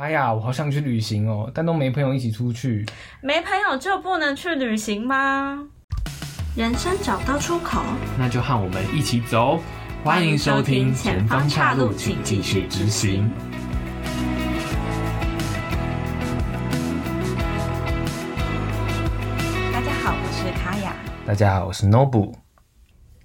哎呀，我好想去旅行哦、喔，但都沒朋友一起出去。沒朋友就不能去旅行嗎？人生找到出口，那就和我們一起走。歡迎收聽《前方岔路，請繼續直行》。大家好，我是卡雅。大家好，我是 Nobu。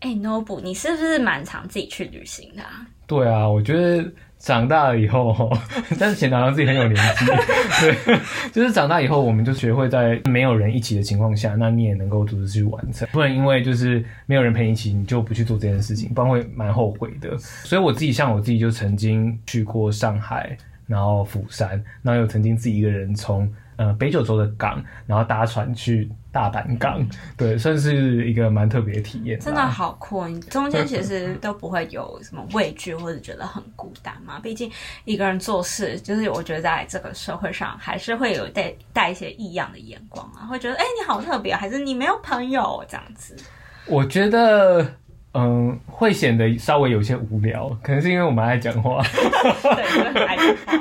哎、欸、Nobu，你是不是蠻常自己去旅行的？對啊，我覺得長大了以後，但是顯得好像自己很有年紀。 對，就是長大以後，我們就學會在沒有人一起的情況下，那你也能夠獨自去完成。不能因為就是沒有人陪你一起，你就不去做這件事情，不然會蠻後悔的。所以我自己像我自己就曾經去過上海，然後釜山，然後又曾經自己一個人從呃北九州的港，然後搭船去。大板港，對，算是一個蠻特別的體驗、嗯。真的好酷，你中間其實都不會有什麼畏懼或者覺得很孤單嘛？畢竟一個人做事，就是我覺得在這個社會上還是會有帶帶一些異樣的眼光啊，會覺得哎、欸、你好特別，還是你沒有朋友這樣子。我覺得。嗯，會顯得稍微有些無聊，可能是因為我們愛講話 對愛。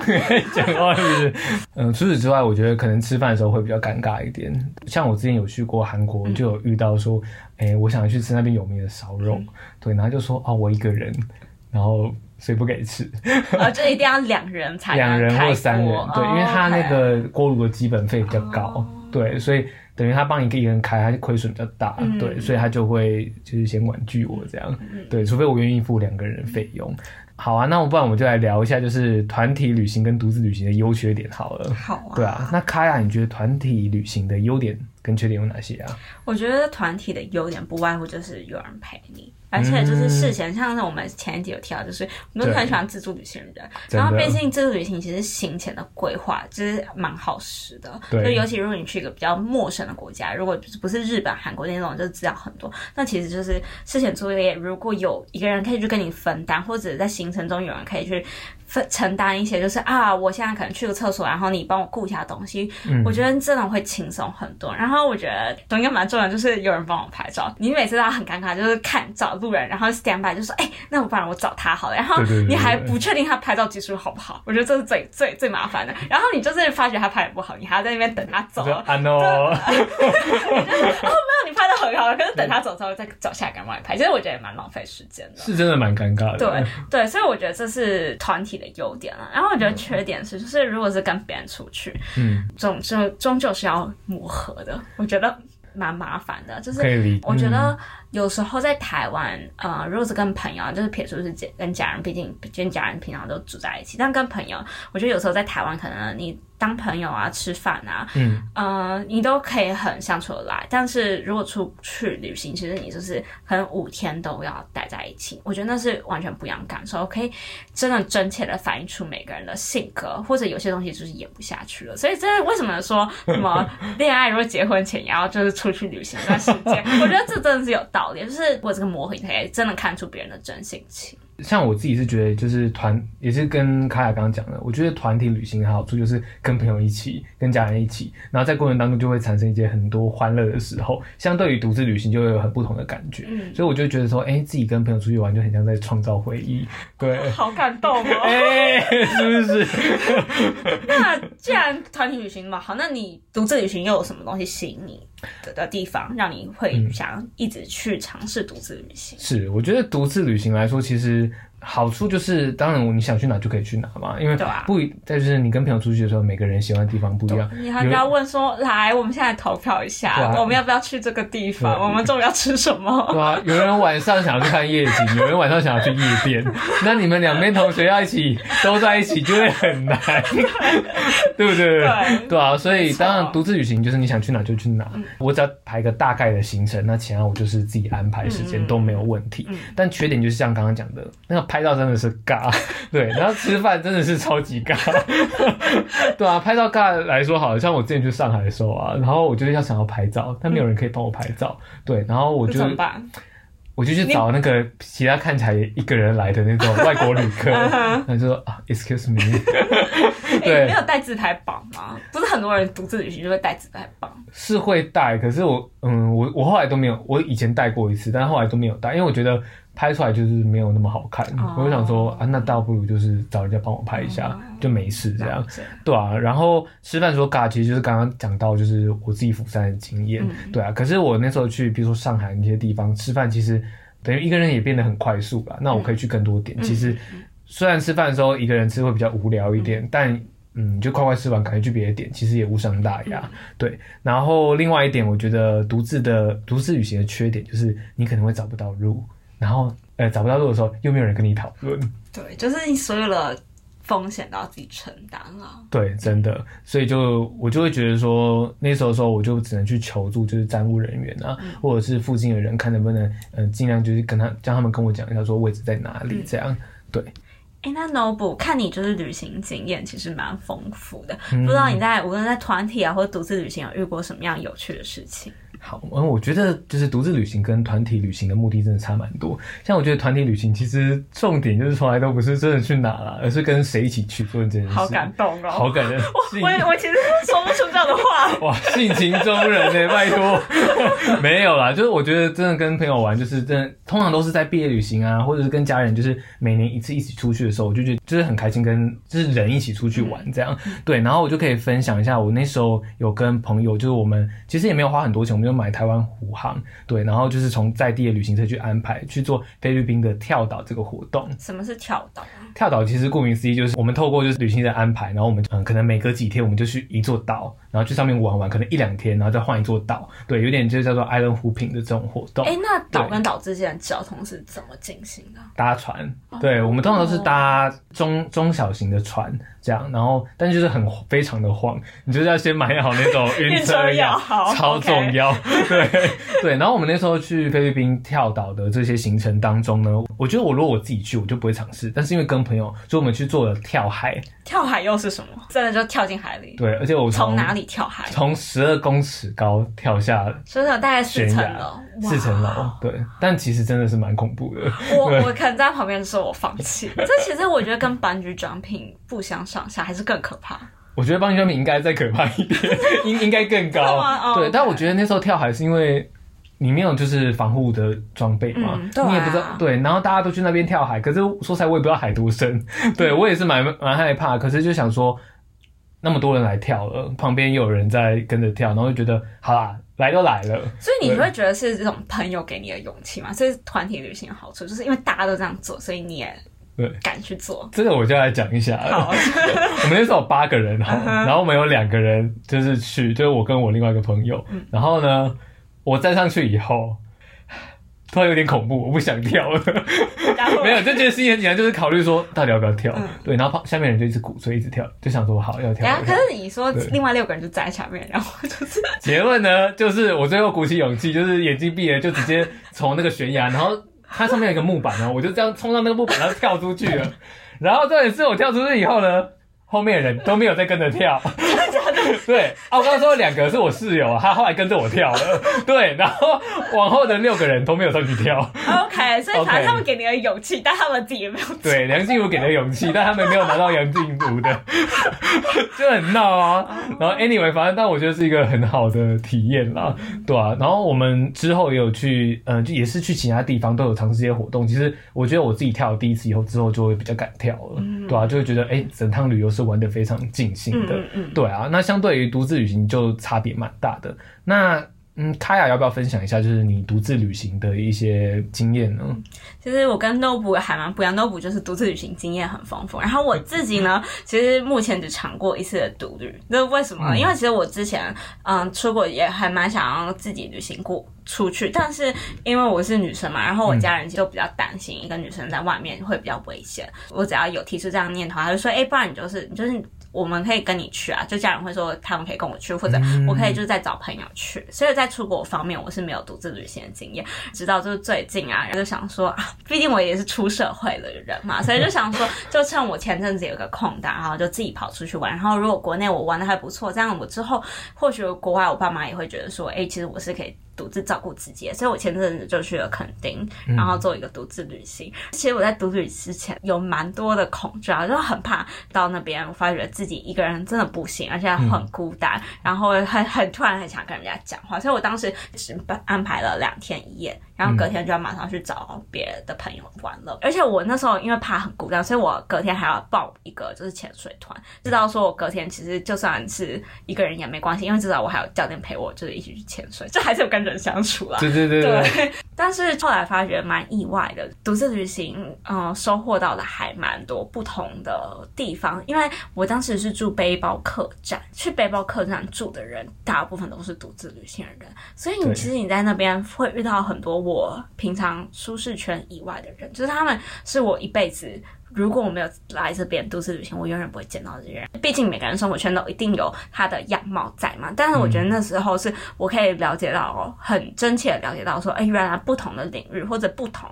對，愛 講話是不是？嗯，除此之外，我覺得可能吃飯的時候會比較尷尬一點。像我之前有去過韓國、嗯，就有遇到說，誒、欸、我想去吃那邊有名的燒肉、嗯，對，然後就說哦我一個人，然後誰不給吃？ 啊，這一定要兩人才，兩人或三人，對，因為他那個鍋爐的基本費比較高、哦 okay，對，所以。等於他幫你一個一個人開，他就虧損比較大，嗯，對，所以他就會就是先婉拒我這樣，嗯，對，除非我願意付兩個人費用、嗯。好啊，那我不然我們就來聊一下，就是團體旅行跟獨自旅行的優缺點好了。好啊，對啊，那 Kaya，你覺得團體旅行的優點？更確定有哪些啊？我覺得團體的優點不外乎就是有人陪你，而且就是事前，嗯、像是我們前一集有提到，就是我們很喜歡自助旅行的人，然後畢竟自助旅行其實行前的規劃就是蠻耗時的，就尤其如果你去一個比較陌生的國家，如果不是日本、韓國那種就知道很多，那其實就是事前作業，如果有一個人可以去跟你分擔，或者在行程中有人可以去。分承擔一些，就是啊，我現在可能去個廁所，然後你幫我顧一下東西，嗯、我覺得這種會輕鬆很多。然後我覺得應該蠻重要的，就是有人幫我拍照。你每次都很尷尬，就是看找路人，然後 standby 就說，哎、欸，那我不然我找他好了。然後你還不確定他拍照技術好不好，我覺得這是最最最麻煩的。然後你就是發覺他拍的不好，你還要在那邊等他走。I know 很好，可是等他走之後再找下一個外拍，其實我覺得也蠻浪費時間的，是真的蠻尷尬的。對對，所以我覺得這是團體的優點啊。然後我覺得缺點是，就是如果是跟別人出去，嗯，終就終究是要磨合的，我覺得蠻麻煩的，就是我覺得。 嗯有時候在台灣，呃，如果是跟朋友，就是撇除是跟家人，畢竟畢竟家人平常都住在一起。但跟朋友，我覺得有時候在台灣，可能你當朋友啊，吃飯啊，嗯、呃，你都可以很相處得來。但是如果出去旅行，其實你就是可能五天都要待在一起。我覺得那是完全不一樣感受，可以真的真切的反映出每個人的性格，或者有些東西就是演不下去了。所以，這為什麼說什麼戀愛如果結婚前也要就是出去旅行一段時間？我覺得這真的是有道理。也就是我這個磨合，他也真的看出別人的真性情。像我自己是覺得，就是團也是跟卡雅剛剛講的，我覺得團體旅行的好處就是跟朋友一起，跟家人一起，然後在過程當中就會產生一些很多歡樂的時候，相對於獨自旅行就會有很不同的感覺。嗯、所以我就覺得說，哎、欸，自己跟朋友出去玩就很像在創造回憶。對，哦、好感動哦、 欸、是不是？ 那既然團體旅行那麼好，那你獨自旅行又有什麼東西吸引你的地方，讓你會想一直去嘗試獨自旅行、嗯？是，我覺得獨自旅行來說，其實。好處就是，當然你想去哪就可以去哪嘛，因為不，對啊、但就是你跟朋友出去的時候，每個人喜歡的地方不一樣。你還不要問說，來，我們現在投票一下，啊、我們要不要去這個地方？啊、我們中午要吃什麼？對啊，有人晚上想要去看夜景， 有人晚上想要去夜店。 那你們兩邊同學要一起都在一起，就會很難， 對不對？對，對啊。所以當然獨自旅行就是你想去哪就去哪、嗯。我只要排個大概的行程，那其他我就是自己安排時間、嗯嗯、都沒有問題、嗯。但缺點就是像剛剛講的，那個。拍照真的是尬。對，然後吃飯真的是超級尬， 對啊，拍照尬來說好，好像我之前去上海的時候啊，然後我就要想要拍照，但沒有人可以幫我拍照、嗯，對，然後我就我就去找那個其他看起來也一個人來的那種外國旅客，他 就說 Excuse me， 對，欸、沒有帶自拍棒嗎？不是很多人獨自旅行就會帶自拍棒？是會帶，可是我嗯，我我後來都沒有，我以前帶過一次，但後來都沒有帶，因為我覺得。拍出來就是沒有那麼好看，oh, 我就想說啊，那倒不如就是找人家幫我拍一下，oh, okay. 就沒事這樣，對啊，然後吃飯的時候尬，其實就是剛剛講到就是我自己釜山的經驗，對啊。可是我那時候去，比如說上海那些地方吃飯，其實等於一個人也變得很快速吧。那我可以去更多點。其實雖然吃飯的時候一個人吃會比較無聊一點，嗯但嗯，就快快吃完，趕緊去別的點，其實也無傷大雅、嗯。對。然後另外一點，我覺得獨自的獨自旅行的缺點就是你可能會找不到路。然後，呃，找不到路的時候，又沒有人跟你討論、嗯。對，就是你所有的風險都要自己承擔啊。對，真的。所以就我就會覺得說，那時候說我就只能去求助，就是站務人員啊、嗯，或者是附近的人，看能不能嗯盡、呃、量就是跟他叫他們跟我講一下說位置在哪裡這樣。嗯、對。哎，那 Nobu 看你就是旅行經驗其實蠻豐富的，嗯、不知道你在無論在團體啊，或者獨自旅行，有遇過什麼樣有趣的事情？好，嗯，我覺得就是獨自旅行跟團體旅行的目的真的差蠻多。像我覺得團體旅行其實重點就是從來都不是真的去哪了，而是跟誰一起去做這件事。好感動哦，好感人。我我，我其實說不出這樣的話。哇，性情中人呢？ 拜託， 沒有啦。就是我覺得真的跟朋友玩，就是真的通常都是在畢業旅行啊，或者是跟家人，就是每年一次一起出去的時候，我就覺得就是很開心，跟就是人一起出去玩這樣、嗯。對，然後我就可以分享一下我那時候有跟朋友，就是我們其實也沒有花很多錢，我們就。買台灣虎航，對，然後就是從在地的旅行社去安排去做菲律賓的跳島這個活動。什麼是跳島啊？跳島其實顧名思義就是我們透過就是旅行社安排，然後我們嗯可能每隔幾天我們就去一座島，然後去上面玩玩，可能一兩天，然後再換一座島。對，有點就是叫做 island hopping 的這種活動。哎、欸，那島跟島之間的交通是怎麼進行的？搭船，對，我們通常都是搭中、哦、中小型的船。這樣，然後但就是很非常的晃，你就是要先買好那種暈車藥， 超重要。Okay. 對 對，然後我們那時候去菲律賓跳島的這些行程當中呢，我覺得我如果我自己去，我就不會嘗試。但是因為跟朋友，所以我們去做了跳海。跳海又是什麼？真的就跳進海裡。對，而且我從哪裡跳海？從十二公尺高跳下，所以大概四層樓。四層樓，對，但其實真的是蠻恐怖的。我我可能在旁邊的時候我放棄。這其實我覺得跟 bungee jumping 不相上下，還是更可怕。 我覺得 bungee jumping 應該再可怕一點， 應應該更高。 oh, 對，okay. 但我覺得那時候跳海是因為你沒有就是防護的裝備嘛、嗯啊，你也不知道。對，然後大家都去那邊跳海，可是說實在，我也不知道海多深。對 我也是蠻蠻害怕，可是就想說，那麼多人來跳了，旁邊又有人在跟着跳，然後就覺得好啦。來都來了，所以你會覺得是這種朋友給你的勇氣嗎？所以團體旅行的好處就是因為大家都這樣做，所以你也對敢去做。這個我就來講一下。 我們那時候有八個人哈，uh -huh. 然後我們有兩個人就是去，就是我跟我另外一個朋友。Uh -huh. 然後呢，我站上去以後，突然有點恐怖，我不想跳了。 沒有，就覺得心有點緊張，就是考慮說到底要不要跳。嗯、對，然後下面人就一直鼓，所以一直跳，就想說好，要跳，好跳。然、哎、後可是你說另外六個人就站在下面，然後就是。結論呢，就是我最後鼓起勇氣，就是眼睛閉了，就直接從那個懸崖，然後它上面有一個木板 然後我就這樣衝上那個木板，然後跳出去了。 然後這也是我跳出去以後呢，後面的人都沒有再跟着跳。 對啊，我剛剛說兩個是我室友，啊，他後來跟着我跳了， 對，然後往後的六個人都沒有上去跳。 OK，所以他們給你的勇氣， 但他們自己也沒有去。對，梁靜茹給的勇氣， 但他們沒有拿到梁靜茹的， 就很鬧啊。然後 Anyway，反正但我覺得是一個很好的體驗啦，對啊，然後我們之後也有去，嗯、呃，就也是去其他地方都有嘗試一些活動。其實我覺得我自己跳了第一次以後，之後就會比較敢跳了，對啊，就會覺得哎、欸，整趟旅遊是玩得非常盡興的、嗯嗯，對啊，那。相對於獨自旅行就差別蠻大的。那嗯，Kaya 要不要分享一下，就是你獨自旅行的一些經驗呢？其實我跟 Nobu 還蠻不一樣。Nobu 就是獨自旅行經驗很豐富，然後我自己呢， 其實目前只嘗過一次的獨旅。那為什麼、嗯？因為其實我之前嗯出國也還蠻想要自己旅行過出去，但是因為我是女生嘛，然後我家人就比較擔心一個女生在外面會比較危險、嗯。我只要有提出這樣念頭，他就說：“哎、欸，不然你就是，就是。”我們可以跟你去啊，就家人會說他們可以跟我去，或者我可以就是再找朋友去。所以在出國方面，我是沒有獨自旅行的經驗。直到就是最近啊，然後就想說，啊，畢竟我也是出社會的人嘛，所以就想說，就趁我前陣子有個空檔，然後就自己跑出去玩。然後如果國內我玩的還不錯，這樣我之後或許國外我爸媽也會覺得說，哎，其實我是可以。獨自照顧自己，所以我前陣子就去了墾丁，然後做一個獨自旅行。嗯。其實我在獨旅之前有蠻多的恐懼啊，就很怕到那邊，我發覺自己一個人真的不行，而且很孤單，嗯，然後很很突然很想跟人家講話，所以我當時只是安排了兩天一夜。然後隔天就要馬上去找別的朋友玩了，嗯，而且我那時候因為怕很孤單，所以我隔天還要報一個就是潛水團，知道說我隔天其實就算是一個人也沒關係，因為至少我還有教練陪我，就是一起去潛水，這還是有跟人相處啦。對對對對。對。但是後來發覺蠻意外的，獨自旅行，嗯、呃，收穫到的還蠻多不同的地方。因為我當時是住背包客棧，去背包客棧住的人大部分都是獨自旅行的人，所以你其實你在那邊會遇到很多我平常舒適圈以外的人，就是他們是我一輩子。如果我沒有來這邊都市旅行，我永遠不會見到這些人。畢竟每個人生活圈都一定有他的樣貌在嘛。但是我覺得那時候是我可以了解到，很真切的了解到，說，欸，原來不同的領域或者不同，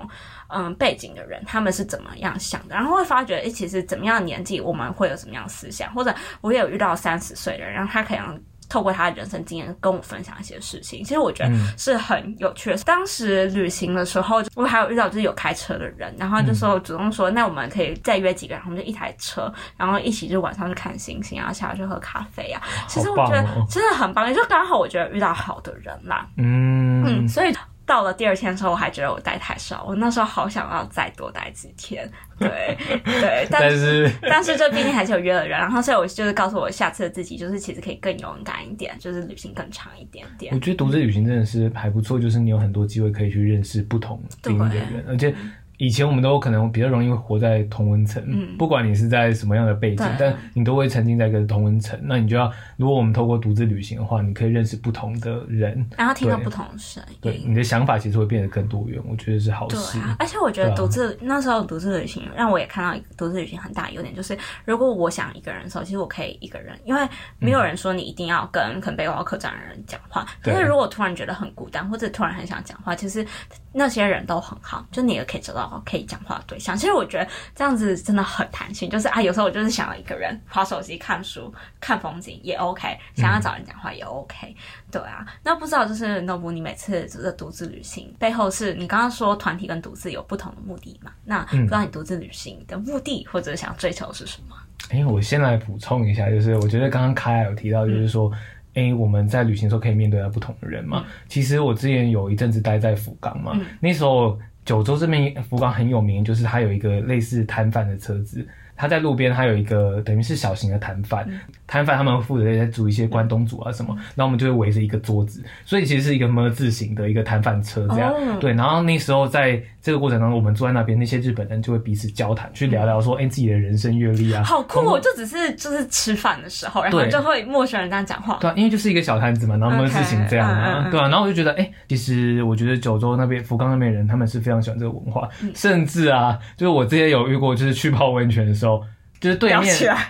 嗯，背景的人他們是怎麼樣想的。然後會發覺，欸，其實怎麼樣的年紀我們會有什麼樣思想，或者我也有遇到三十歲的人，然後他可能。透過他的人生經驗跟我分享一些事情，其實我覺得是很有趣的。嗯、當時旅行的時候，我還有遇到就是有開車的人，然後就說主動說，嗯、那我們可以再約幾個人，我們就一台車，然後一起就晚上去看星星啊，然後下午去喝咖啡啊。其實我覺得真的很棒，棒哦、就剛好我覺得遇到好的人啦。嗯嗯，所以。到了第二天的時候，我還覺得我待太少。我那時候好想要再多待幾天。對 對，但是 但是這畢竟還是有約的人，然後所以我就是告訴我下次的自己，就是其實可以更勇敢一點，就是旅行更長一點點。我覺得獨自旅行真的是還不錯，就是你有很多機會可以去認識不同地方的人，而且。以前我們都可能比較容易會活在同溫層，嗯，不管你是在什麼樣的背景，但你都會沉浸在一個同溫層。那你就要，如果我們透過獨自旅行的話，你可以認識不同的人，然、啊、後聽到不同的聲音，對，你的想法其實會變得更多元。我覺得是好事。對啊，而且我覺得獨自、啊、那時候獨自旅行讓我也看到獨自旅行很大優點，就是如果我想一個人的時候，其實我可以一個人，因為沒有人說你一定要跟可能背包客這樣的人講話、嗯。可是如果突然覺得很孤單，或者突然很想講話，其、就、實、是、那些人都很好，就你也可以知道。可以講話的對象，其實我覺得這樣子真的很彈性。就是啊，有時候我就是想要一個人滑手機、看書、看風景也 OK，想要找人講話也 OK、嗯。對啊，那不知道就是 Nobu、嗯、你每次就是獨自旅行背後是你剛剛說團體跟獨自有不同的目的嘛？那不知道你獨自旅行的目的或者想追求是什麼？哎、欸，我先來補充一下，就是我覺得剛剛 Kaya 有提到，就是說，哎、嗯欸，我們在旅行時候可以面對到不同的人嘛、嗯。其實我之前有一陣子待在福岡嘛、嗯，那時候。九州這邊福岡很有名，就是它有一個類似攤販的車子，它在路邊，它有一個等於是小型的攤販。攤販他們負責在煮一些關東煮啊什麼，嗯、然後我們就會圍着一個桌子，所以其實是一個 “ㄇ” 字形的一個攤販車這樣、哦。對，然後那時候在這個過程當中，我們坐在那邊，那些日本人就會彼此交談、嗯，去聊聊說，哎、欸，自己的人生閱歷啊。好酷！我就只是就是吃飯的時候，然後就會陌生人家講話。對,對、啊，因為就是一個小攤子嘛，然後 “ㄇ” 字形這樣嘛、啊 okay, 嗯嗯嗯，對啊然後我就覺得，哎、欸，其實我覺得九州那邊、福岡那邊的人，他們是非常喜歡這個文化，嗯、甚至啊，就是我之前有遇過，就是去泡溫泉的時候。就是對面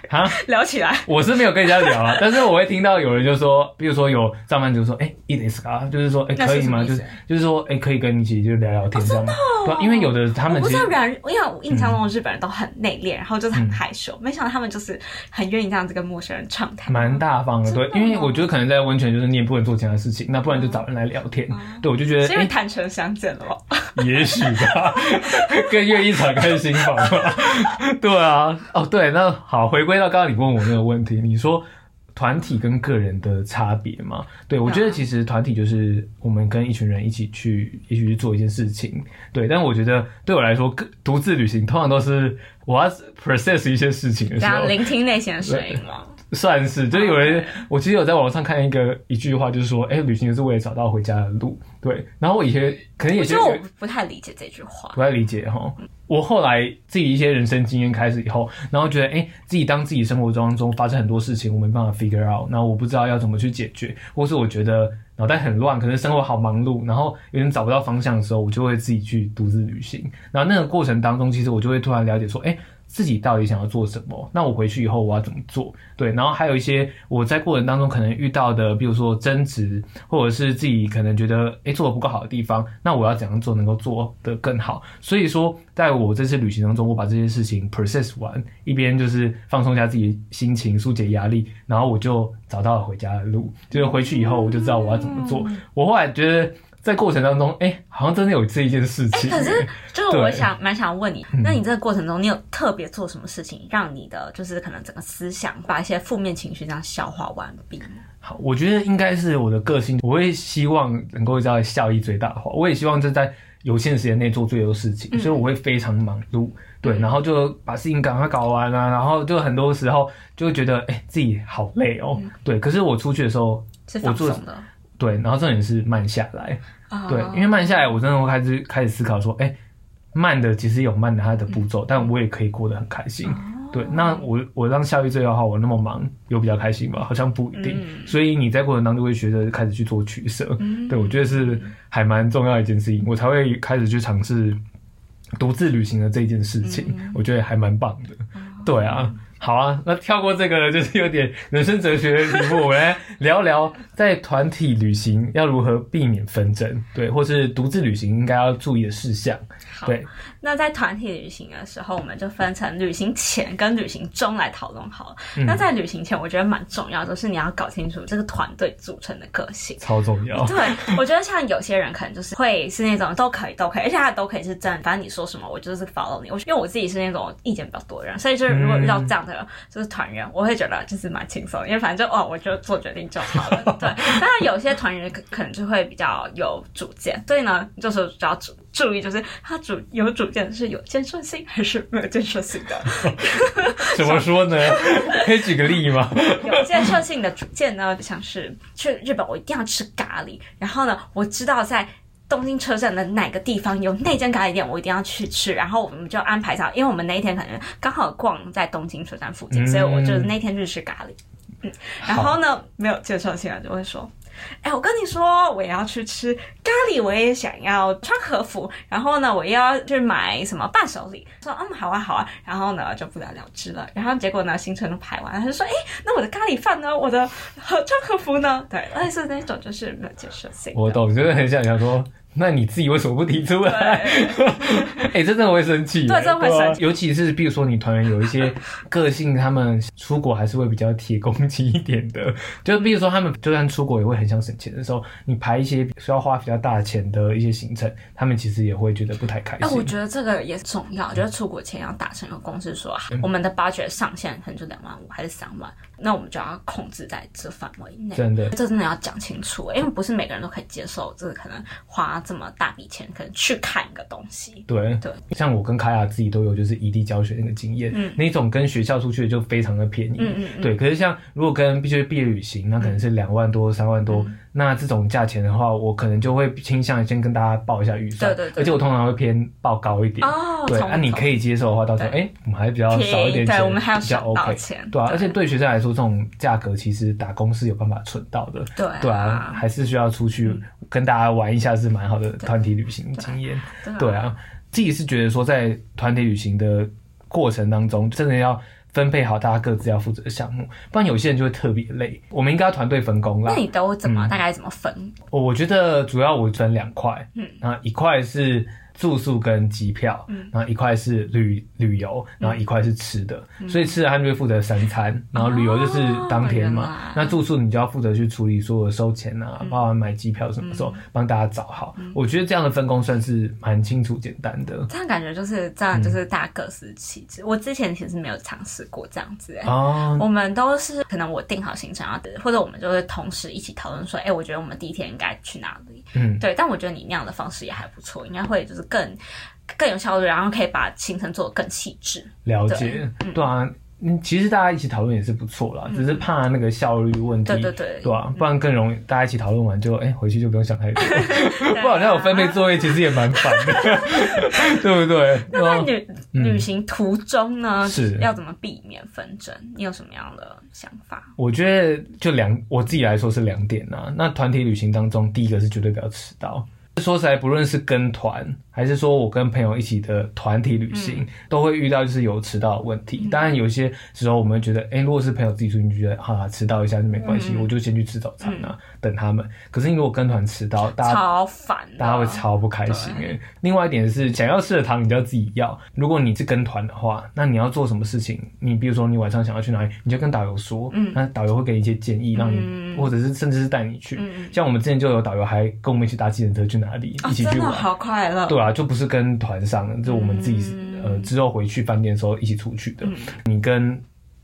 啊，聊起來，我是沒有跟人家聊啊， 但是我會聽到有人就說，比如說有上班族說，哎，いいですか？啊，就是說，哎、欸，可以嗎？就是就是說，哎、欸，可以跟你一起就聊聊天上嗎？哦、真不，因為有的他們，我想日本，因為我印象中的日本人都很內斂、嗯，然後就是很害羞。沒想到他們就是很願意這樣子跟陌生人暢談，蠻大方的。的哦、對，因為我覺得可能在溫泉，就是你也不能做其他的事情，那不然就找人來聊天。嗯、對，我就覺得，是因為坦誠相見了、欸。也許吧，更願意敞開心房吧吧。 對啊，哦對，那好，回歸到剛剛你問我那個問題，你說。團體跟個人的差別嘛，對，我覺得其實團體就是我們跟一群人一起去，也許去做一件事情，對。但我覺得對我來說，獨自旅行通常都是我要 process 一些事情的時候，聆聽內心的聲音嘛。算是，就是有人、嗯，我其實有在網上看一個一句話，就是說，哎、欸，旅行就是為了找到回家的路，對。然後我以前可能以前也覺得我就不太理解這句話，不太理解哈。我後來自己一些人生經驗開始以後，然後覺得，哎、欸，自己當自己生活當中發生很多事情，我沒辦法 figure out，那我不知道要怎麼去解決，或是我覺得腦袋很亂，可能生活好忙碌，然後有點找不到方向的時候，我就會自己去獨自旅行。然後那個過程當中，其實我就會突然了解說，哎、欸。自己到底想要做什麼？那我回去以後我要怎麼做？對，然後還有一些我在過程當中可能遇到的，比如說爭執，或者是自己可能覺得誒、欸、做的不夠好的地方，那我要怎樣做能夠做得更好？所以說，在我這次旅行當中，我把這些事情 process 完，一邊就是放鬆一下自己的心情，疏解壓力，然後我就找到了回家的路。就是回去以後，我就知道我要怎麼做。我後來覺得。在過程當中，哎、欸，好像真的有這一件事情。欸、可是就是我想蠻想問你，那你這個過程中，你有特別做什麼事情，讓你的、嗯、就是可能整個思想把一些負面情緒這樣消化完畢？好，我覺得應該是我的個性，我會希望能夠在效益最大化，我也希望正在有限時間內做最多事情，嗯、所以我會非常忙碌，對，嗯、然後就把事情趕快搞完啊，然後就很多時候就會覺得哎、欸、自己好累哦、嗯，對。可是我出去的時候，是我做的。對，然後這也是慢下來，oh. 對，因為慢下來，我真的會開始開始思考說，哎、欸，慢的其實有慢的它的步驟、嗯，但我也可以過得很開心。Oh. 對，那我我讓效率最大化，我那麼忙，有比較開心嗎？好像不一定。嗯、所以你在過程當中會學着開始去做取捨、嗯。對，我覺得是還蠻重要的一件事情，我才會開始去嘗試獨自旅行的這件事情，嗯、我覺得還蠻棒的。Oh. 對啊。好啊，那跳過這個呢，就是有點人生哲學的題目，我們來聊聊在團體旅行要如何避免紛爭，對，或是獨自旅行應該要注意的事項，對。那在團體旅行的時候，我們就分成旅行前跟旅行中來討論好了、嗯。那在旅行前，我覺得蠻重要，就是你要搞清楚這個團隊組成的個性。超重要。對，我覺得像有些人可能就是會是那種都可以都可以，而且他都可以是真，反正你說什麼我就是 follow 你。我因為我自己是那種意見比較多的人，所以就是如果遇到這樣的、嗯、就是團員，我會覺得就是蠻輕鬆，因為反正就哦我就做決定就好了。對。但 是有些團員可可能就會比較有主見，所以呢就是比較主。注意，就是他主有主見是有建設性還是沒有建設性的 ？怎麼說呢？可以舉個例嗎？有建設性的主見呢，像是去日本我一定要吃咖喱，然後呢，我知道在東京車站的哪個地方有那間咖喱店，我一定要去吃，然後我們就安排一下，因為我們那一天可能剛好逛在東京車站附近，嗯、所以我就那天就吃咖喱。嗯，然後呢，沒有建設性啊，就會說。哎，我跟你說，我也要去吃咖喱，我也想要穿和服，然後呢，我要去買什麼伴手禮。說，嗯，好啊，好啊，然後呢，就不了了之了。然後結果呢，行程都排完了。他就說，哎，那我的咖喱飯呢？我的穿和、和服呢？對，類似那種就是沒有接受性的。我懂，就是很想要說。那你自己為什麼不提出來？哎， 欸、這真的會生氣。對，真的會生氣、啊。尤其是比如說，你團員有一些個性， 他們出國還是會比較鐵公雞一點的。就比如說，他們就算出國，也會很想省錢的時候，你排一些需要花比較大錢的一些行程，他們其實也會覺得不太開心。那、欸、我覺得這個也是重要、嗯，就是出國前要達成一個共識，說、嗯、我們的 budget 上限可能就兩萬五還是三萬。那我們就要控制在這範圍內，真的，這真的要講清楚，因為不是每個人都可以接受，這可能花這麼大筆錢，可能去看一個東西。對對，像我跟卡雅自己都有，就是異地教學那個經驗、嗯，那種跟學校出去就非常的便宜。嗯嗯嗯，對，可是像如果跟畢業畢業旅行，那可能是兩萬多、三萬多、嗯。嗯那這種價錢的話，我可能就會傾向先跟大家報一下預算，對，對對，而且我通常會偏報高一點，哦，對啊，你可以接受的話，到時候哎、欸，我們還比較少一點錢，比較 OK，對，我們還要省到錢，對啊對，而且對學生來說，這種價格其實打工是有辦法存到的，對啊對啊，還是需要出去跟大家玩一下是蠻好的團體旅行經驗，對啊，自己是覺得說在團體旅行的過程當中真的要。分配好大家各自要負責的項目，不然有些人就會特別累。我們應該要團隊分工了。那你都怎麼、嗯、大概怎麼分？我覺得主要我分兩塊，嗯，那一塊是。住宿跟機票，然後一塊是旅、嗯、旅遊，然後一塊是吃的，嗯、所以吃了他們會負責三餐，然後旅遊就是當天嘛、哦。那住宿你就要負責去處理，所有的收錢啊，幫我們買機票什麼時候幫、嗯、大家找好、嗯。我覺得這樣的分工算是蠻清楚簡單的。這樣感覺就是這樣，就是大家各司其職、嗯。我之前其實沒有嘗試過這樣子、欸哦，我們都是可能我定好行程啊，或者我們就會同時一起討論說，哎、欸，我覺得我們第一天應該去哪裡？嗯，對。但我覺得你那樣的方式也還不錯，應該會就是。更更有效率，然後可以把行程做的更細緻。了解，對、嗯，對啊，嗯，其實大家一起討論也是不錯啦，嗯、只是怕那個效率問題。嗯、對，對，對，對啊，不然更容易，嗯、大家一起討論完就，哎，回去就不用想太多。 對啊、 不然我分配座位，其實也蠻煩的， 對不對？那旅、嗯、旅行途中呢，是要怎麼避免紛爭？你有什麼樣的想法？我覺得就兩，我自己來說是兩點啊。那團體旅行當中，第一個是絕對不要遲到。說實在不論是跟團，還是說，我跟朋友一起的團體旅行，嗯，都會遇到就是有遲到的問題。當、嗯、然，有些時候我們會覺得，哎，欸，如果是朋友自己出去，覺得啊遲到一下就沒關係，嗯，我就先去吃早餐啦，啊、嗯，等他們。可是，如果跟團遲到，大家超煩，大家會超不開心哎。另外一點是，想要吃的糖，你就要自己要。如果你是跟團的話，那你要做什麼事情？你比如說，你晚上想要去哪裡，你就跟導遊說，嗯，那導遊會給你一些建議，嗯，讓你或者是甚至是帶你去，嗯。像我們之前就有導遊還跟我們一起搭計程車去哪裡，哦，一起去玩，好快樂，對。啊，就不是跟團上，就我們自己、嗯，呃，之後回去飯店的時候一起出去的。嗯、你跟。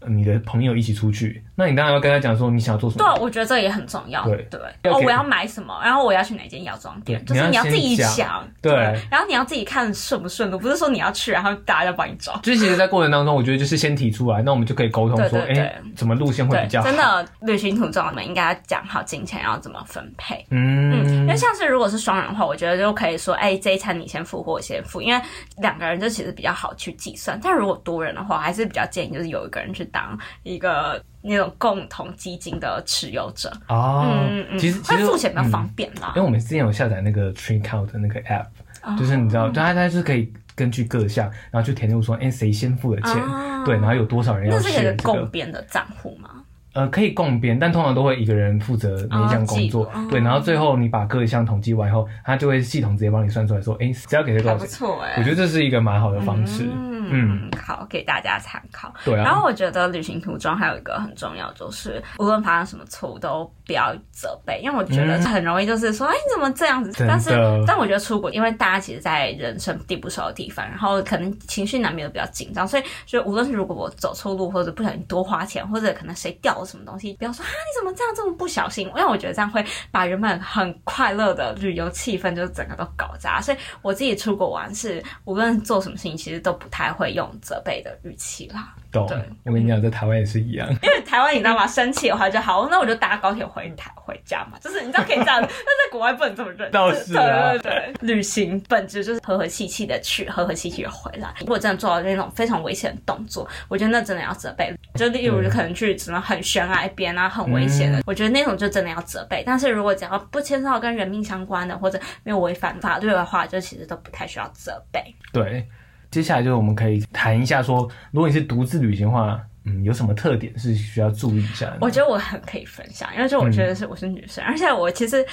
你的朋友一起出去，那你當然要跟他講說你想做什麼。對，我覺得這也很重要。對對，OK, 哦，我要買什麼，然後我要去哪間藥妝店，對，就是你要自己想。對，然後你要自己看順不順路，不是說你要去，然後大家要幫你找。就其實，在過程當中，我覺得就是先提出來，那我們就可以溝通說，哎、欸，怎麼路線會比較好。真的，旅行途中你們應該要講好金錢要怎麼分配。嗯，嗯，因為像是如果是雙人的話，我覺得就可以說，哎、欸，這一餐你先付或我先付，因為兩個人就其實比較好去計算。但如果多人的話，還是比較建議就是有一個人去。當一個那種共同基金的持有者、哦、嗯嗯，其實它付錢比較方便嘛、嗯，因為我們之前有下載那個 Tricount 的那個 App、哦、就是你知道，嗯、對它它是可以根據各項，然後去填入說，哎、欸，誰先付了錢、哦，對，然後有多少人要一，這是個共編的賬戶嗎？呃，可以共編，但通常都會一個人負責每一項工作、哦哦，對，然後最後你把各項統計完以後，它就會系統直接幫你算出來說，哎、欸，只要給這多少不錯哎、欸，我覺得這是一個蠻好的方式。嗯嗯，好，給大家參考。對啊，然後我覺得旅行途中還有一個很重要，就是無論發生什麼錯誤都不要責備，因為我覺得很容易就是說，哎、嗯，欸，你怎麼這樣子？但是，但我覺得出國，因為大家其實，在人生地不熟的地方，然後可能情緒難免都比較緊張，所以，所以無論是如果我走錯路，或者不小心多花錢，或者可能誰掉了什麼東西，不要說啊，你怎麼這樣這麼不小心？因為我覺得這樣會把原本很快樂的旅遊氣氛，就是整個都搞砸。所以，我自己出國玩是，無論做什麼事情，其實都不太會用責備的語氣啦。懂。對，我跟你講，在台灣也是一樣，因為台灣你知道嗎？生氣的話就好，那我就搭高鐵回。回，回家嘛，就是你知道可以這樣， 但在國外不能這麼認。倒是、啊、對，對，對，旅行本質就是和和氣氣的去，和和氣氣的回來。如果真的做到那種非常危險的動作，我覺得那真的要責備。就例如可能去什麼很懸崖邊啊，很危險的、嗯，我覺得那種就真的要責備。但是如果只要不牽涉到跟人命相關的，或者沒有違反法，法律的話，就其實都不太需要責備。對，接下來就是我們可以談一下說，說如果你是獨自旅行的話。嗯，有什麼特點是需要注意一下？我覺得我很可以分享，因為就我覺得是我是女生，嗯，而且我其實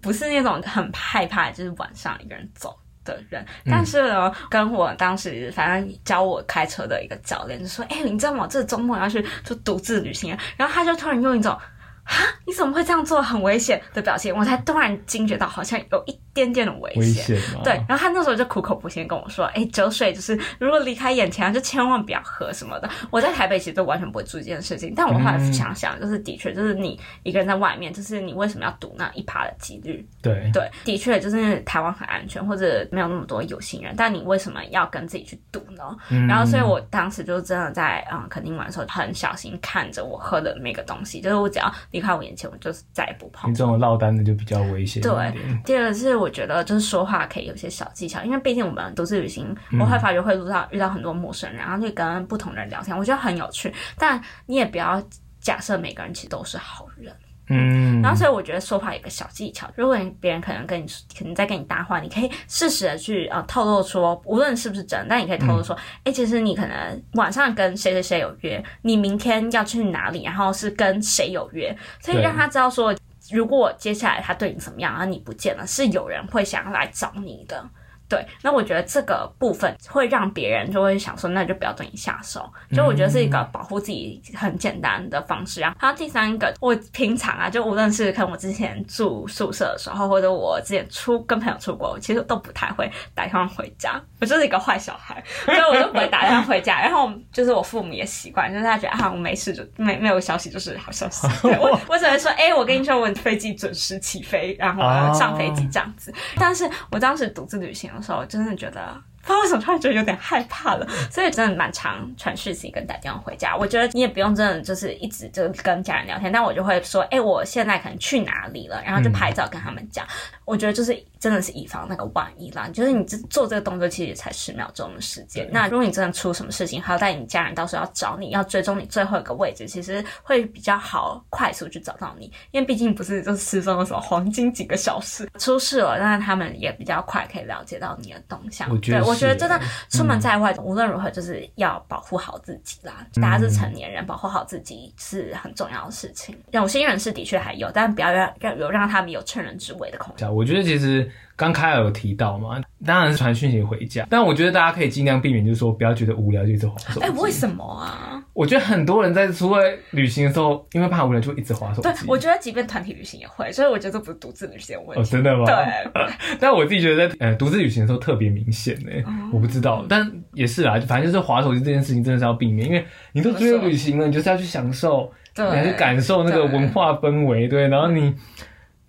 不是那種很害怕就是晚上一個人走的人，嗯。但是呢，跟我當時反正教我開車的一個教練就說：“哎、欸，你知道嗎？這週末要去就獨自旅行。”然後他就突然用一種。啊！你怎麼會這樣做？很危險的表情，我才突然驚覺到好像有一點點的危險。危險。對，然後他那時候就苦口婆心跟我說：“哎，酒水就是如果離開眼前、啊、就千萬不要喝什麼的。”我在台北其實都完全不會做這件事情，但我後來想想，嗯、就是的確就是你一個人在外面，就是你為什麼要賭那一趴的幾率？對對，的確就是台灣很安全，或者沒有那麼多有心人，但你為什麼要跟自己去賭呢？嗯，然後，所以我當時就真的在嗯，墾丁玩的時候很小心看着我喝的那個東西，就是我只要離開我眼前，我就是再也不碰。你這種落單的就比較危險。對，第二個是我覺得就是說話可以有些小技巧，因為畢竟我們獨自旅行，我會發覺會遇到遇到很多陌生人，嗯、然後去跟不同人聊天，我覺得很有趣。但你也不要假設每個人其實都是好人。嗯，然後所以我覺得說話有一個小技巧，如果你別人可能跟你可能在跟你搭話，你可以適時的去呃透露說，無論是不是真的，但你可以透露說，哎、嗯欸，其實你可能晚上跟誰誰誰有約，你明天要去哪裡，然後是跟誰有約，所以讓他知道說，如果接下來他對你怎麼樣，而你不見了，是有人會想要來找你的。對，那我覺得這個部分會讓別人就會想說，那就不要對你下手，就我覺得是一個保護自己很簡單的方式。然後，然後第三個，我平常啊，就無論是看我之前住宿舍的時候，或者我之前出跟朋友出國，其實都不太會打電話回家，我就是一個壞小孩，所以我就不會打電話回家。然後就是我父母也習慣，就是他覺得啊，我沒事就，就沒沒有消息就是好消息。我我只能說，哎，我跟你說，我飛機準時起飛，然後上飛機這樣子。但是我當時獨自旅行。我真的覺得。他為什麼突然覺得有點害怕了？所以真的蠻常傳訊息跟打電話回家。我覺得你也不用真的就是一直就跟家人聊天，但我就會說：“哎，我現在可能去哪裡了？”然後就拍照跟他們講。我覺得就是真的是以防那個萬一啦。就是你做這個動作其實才十秒鐘的時間。那如果你真的出什麼事情，還要帶你家人到時候要找你要追蹤你最後一個位置，其實會比較好快速去找到你，因為畢竟不是就失蹤了什麼黃金幾個小時出事了，那他們也比較快可以了解到你的動向。我覺得。我覺得真的出門在外，嗯、無論如何就是要保護好自己啦，嗯。大家是成年人，保護好自己是很重要的事情。有、嗯、心人士的確還有，但不要讓讓有讓他們有趁人之危的空間。我覺得其實。剛開爾有提到嘛，當然是傳訊息回家，但我覺得大家可以盡量避免，就是說不要覺得無聊就一直滑手機哎、欸，為什麼啊？我覺得很多人在出外旅行的時候，因為怕無聊，就一直滑手機。對，我覺得即便團體旅行也會，所以我覺得都不是獨自旅行的問題。哦，真的嗎？對。呃、但我自己覺得在，在、呃、獨自旅行的時候特別明顯呢、欸嗯。我不知道，但也是啊，反正就是滑手機這件事情真的是要避免，因為你都出去旅行了，你就是要去享受，你要去感受那個文化氛圍，對，然後你。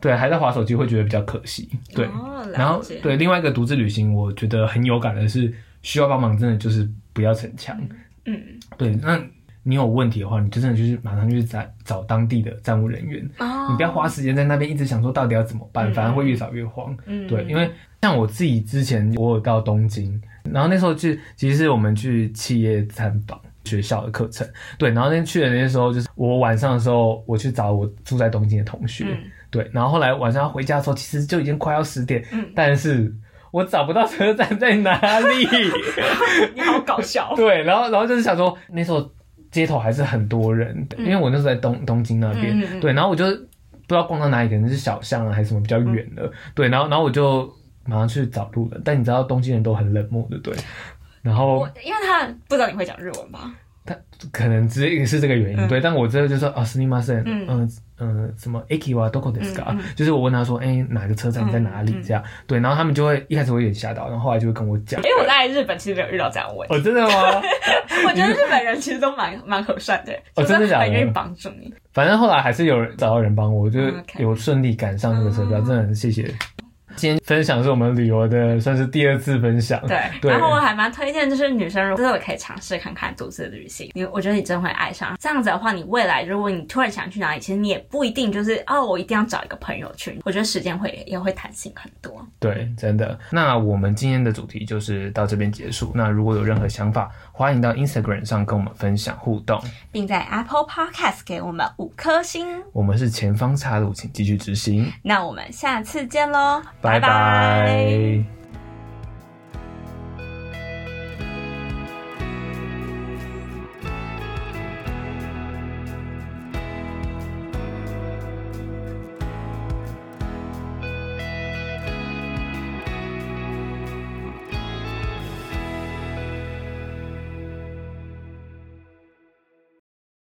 對，還在滑手機會覺得比較可惜。對，哦、然後對，另外一個獨自旅行，我覺得很有感的是，需要幫忙真的就是不要逞強、嗯。嗯，對，那你有問題的話，你就真的就是馬上就找找當地的站務人員、哦，你不要花時間在那邊一直想說到底要怎麼辦，嗯、反而會越找越慌。嗯，對，因為像我自己之前我有到東京，然後那時候就其實是我們去企業參訪，學校的課程，對，然後那天去的那時候，就是我晚上的時候，我去找我住在東京的同學，嗯、對，然後後來晚上回家的時候，其實就已經快要十點、嗯，但是我找不到車站在哪裡， 你好搞笑，對，然後然後就是想說那時候街頭還是很多人，嗯、因為我那時候在東東京那邊、嗯，對，然後我就不知道逛到哪裡，可能是小巷啊還是什麼比較遠的、嗯，對，然後然後我就馬上去找路人。但你知道東京人都很冷漠的，對。然後，因為他不知道你會講日文吧？他可能只也是這個原因、嗯、對。但我真的就說啊すみません嗯嗯、呃呃，什麼駅はどこですか就是我問他說，哎、欸，哪個車站？你在哪裡？嗯嗯、這樣對。然後他們就會一開始會有點嚇到，然後後來就會跟我講。哎，我在日本其實沒有遇到這樣問。我、哦、真的嗎？ 我覺得日本人其實都蠻蠻和善的，我、哦就是哦、真的很願意幫助你。反正後來還是有人找到人幫我，我就有順利趕上那個車票、嗯 okay 嗯。真的很謝謝。今天分享是我們旅遊的算是第二次分享，對。對，然後我還蠻推薦，就是女生如果可以嘗試看看獨自旅行，我覺得你真會愛上這樣子的話，你未來如果你突然想去哪裡，其實你也不一定就是哦，我一定要找一個朋友去。我覺得時間會也會彈性很多。對，真的。那我們今天的主題就是到這邊結束。那如果有任何想法，歡迎到 Instagram 上跟我們分享互動，並在 Apple Podcast 給我們五顆星。我們是前方岔路，請繼續直行。那我們下次見嘍。拜拜。